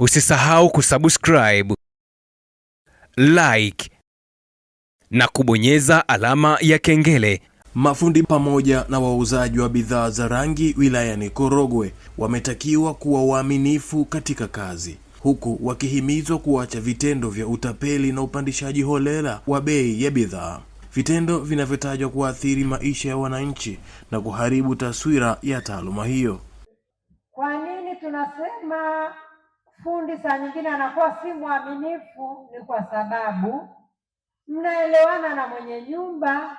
Usisahau kusubscribe, like na kubonyeza alama ya kengele. Mafundi pamoja na wauzaji wa bidhaa za rangi wilayani Korogwe wametakiwa kuwa waaminifu katika kazi huku wakihimizwa kuacha vitendo vya utapeli na upandishaji holela wa bei ya bidhaa, vitendo vinavyotajwa kuathiri maisha ya wananchi na kuharibu taswira ya taaluma hiyo. Kwa nini tunasema fundi saa nyingine anakuwa si mwaminifu, ni kwa sababu mnaelewana na mwenye nyumba.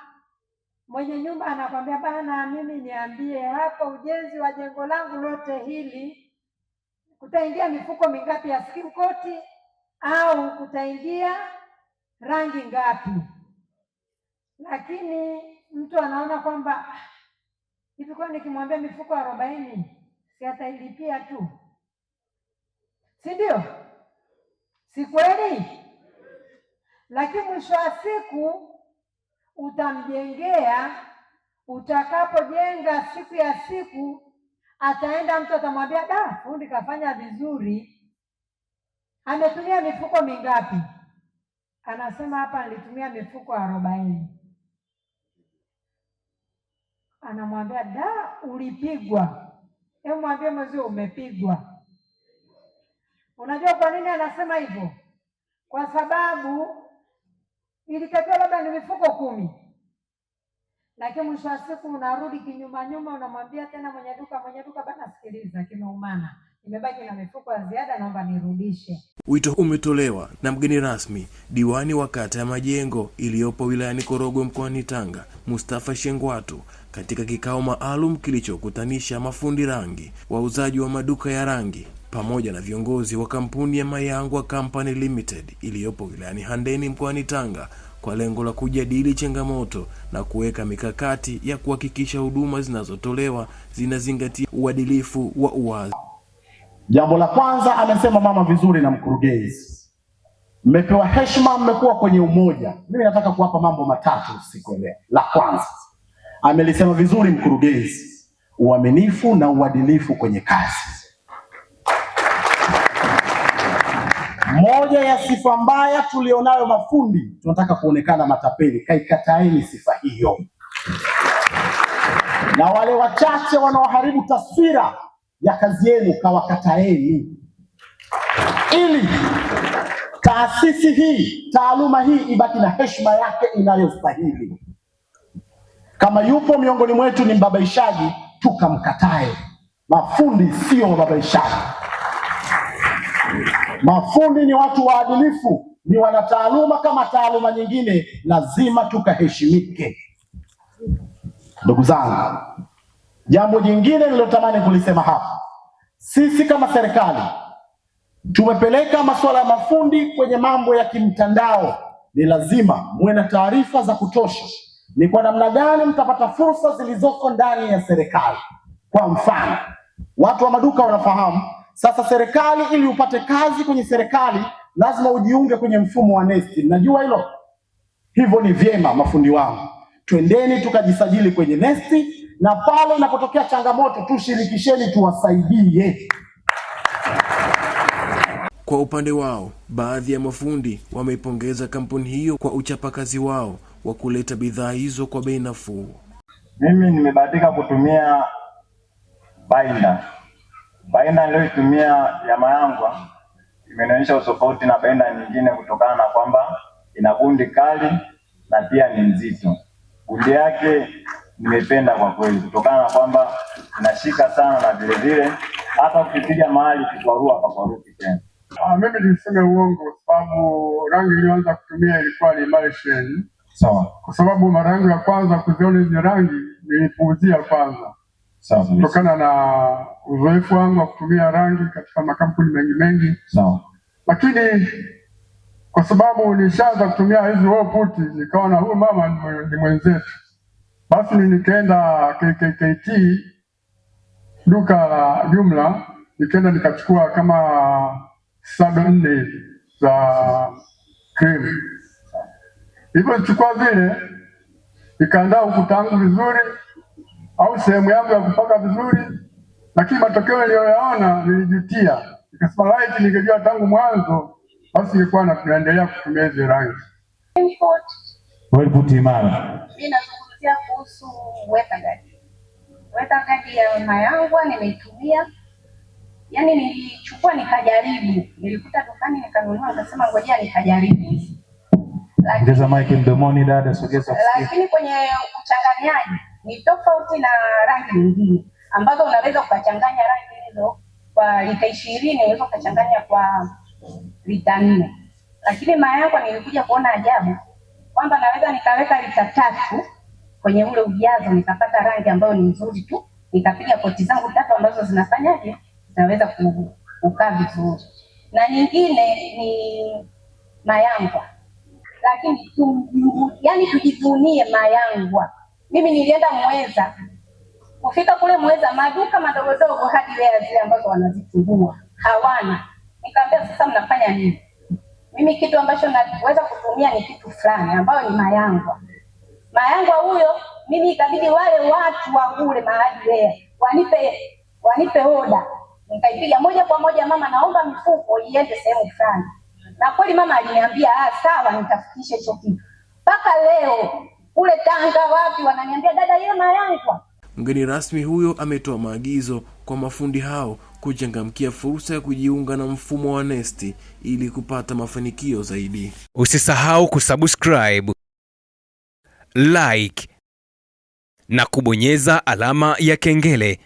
Mwenye nyumba anakwambia bana, mimi niambie hapo ujenzi wa jengo langu lote hili kutaingia mifuko mingapi ya skim koti au kutaingia rangi ngapi? Lakini mtu anaona kwamba hivi, ah, kwa nikimwambia mifuko arobaini si atailipia tu si ndio? Si kweli? Lakini mwisho wa siku utamjengea, utakapojenga siku ya siku, ataenda mtu atamwambia, da, fundi kafanya vizuri, ametumia mifuko mingapi? Anasema hapa nilitumia mifuko arobaini anamwambia da, ulipigwa. Hebu mwambie mwenzio umepigwa. Unajua kwa nini anasema hivyo? Kwa sababu ilitakiwa labda ni mifuko kumi, lakini mwisho wa siku unarudi kinyuma nyuma, unamwambia tena mwenye duka, mwenye duka bana, sikiliza, kimeumana, imebaki na mifuko ya ziada, naomba nirudishe. Wito umetolewa na mgeni rasmi diwani wa kata ya Majengo iliyopo wilayani Korogwe mkoani Tanga, Mustafa Shengwatu katika kikao maalum kilichokutanisha mafundi rangi, wauzaji wa maduka ya rangi pamoja na viongozi wa kampuni ya Mayangwa Company Limited iliyopo wilayani Handeni mkoani Tanga kwa lengo la kujadili changamoto na kuweka mikakati ya kuhakikisha huduma zinazotolewa zinazingatia uadilifu wa uwazi. Jambo la kwanza amesema mama vizuri na mkurugenzi, mmepewa heshima, mmekuwa kwenye umoja. Mimi nataka kuwapa mambo matatu siku leo. La kwanza amelisema vizuri mkurugenzi, uaminifu na uadilifu kwenye kazi moja ya sifa mbaya tulionayo mafundi, tunataka kuonekana matapeli. Kaikataeni sifa hiyo, na wale wachache wanaoharibu taswira ya kazi yenu kawakataeni, ili taasisi hii, taaluma hii ibaki na heshima yake inayostahili. Kama yupo miongoni mwetu ni mbabaishaji, tukamkatae. Mafundi sio wababaishaji. Mafundi ni watu waadilifu, ni wanataaluma kama taaluma nyingine, lazima tukaheshimike. Ndugu zangu, jambo jingine nilotamani kulisema hapa, sisi kama serikali tumepeleka masuala ya mafundi kwenye mambo ya kimtandao. Ni lazima muwe na taarifa za kutosha, ni kwa namna gani mtapata fursa zilizoko ndani ya serikali. Kwa mfano, watu wa maduka wanafahamu sasa serikali, ili upate kazi kwenye serikali lazima ujiunge kwenye mfumo wa NeST. Najua hilo hivyo, ni vyema mafundi wangu, twendeni tukajisajili kwenye NeST, na pale inapotokea changamoto tushirikisheni, tuwasaidie. Kwa upande wao, baadhi ya mafundi wameipongeza kampuni hiyo kwa uchapakazi wao wa kuleta bidhaa hizo kwa bei nafuu. Mimi nimebahatika kutumia bainda Baina niliyoitumia ya Mayangwa imenionyesha utofauti na baina nyingine kutokana na kwamba ina gundi kali na pia ni nzito. Gundi yake nimependa kwa kweli, kutokana na kwamba inashika sana na vile vile hata ukipiga mahali kikwarua kakwaruki tena. Ah, mimi niseme uongo kwa sababu rangi niliyoanza kutumia ilikuwa ni maisheni. Sawa. Kwa sababu mara yangu ya kwanza kuziona hizi rangi nilipuuzia kwanza kutokana na uzoefu wangu wa kutumia rangi katika makampuni mengi mengi, lakini kwa sababu nishaanza kutumia hizi wallput nikaona huyu mama ni mwenzetu, basi nikaenda KKKT duka la jumla, nikaenda nikachukua kama sado nne za cream. Hivyo nichukua vile nikaandaa ukutangu vizuri au sehemu yangu ya kupaka vizuri, lakini matokeo niliyoyaona nilijutia, nikasema laiti ningejua tangu mwanzo, basi nilikuwa tunaendelea kutumia hizo rangi. Ninazungumzia kuhusu WeatherGuard. WeatherGuard ya mama yangu nimeitumia, yaani nilichukua nikajaribu, nilikuta dukani nikanunua, nikasema ngoja nikajaribu, lakini kwenye uchanganyaji ni tofauti na rangi nyingine ambazo unaweza ukachanganya rangi hizo kwa lita ishirini, unaweza ukachanganya kwa lita nne. Lakini maa yako nilikuja kuona ajabu kwamba naweza nikaweka lita tatu kwenye ule ujazo nikapata rangi ambayo ni nzuri tu, nikapiga koti zangu tatu ambazo zinafanyaje zinaweza kukaa vizuri, na nyingine ni mayangwa, lakini tu, yani tujivunie mayangwa mimi nilienda mweza kufika kule mweza maduka madogo dogo hadi leo zile ambazo wanazifungua hawana. Nikamwambia sasa, mnafanya nini? Mimi kitu ambacho naweza kutumia ni kitu fulani ambayo ni mayangwa. Mayangwa huyo mimi ikabidi wale watu wa kule mahali leo wanipe wanipe oda. Nikaipiga moja kwa moja, mama, naomba mifuko iende sehemu fulani, na kweli mama aliniambia ah, sawa nitafikisha hicho kitu. Mpaka leo kule Tanga wapi, wananiambia dada, hiyo mayankwa. Mgeni rasmi huyo ametoa maagizo kwa mafundi hao kuchangamkia fursa ya kujiunga na mfumo wa nesti ili kupata mafanikio zaidi. Usisahau kusubscribe, like na kubonyeza alama ya kengele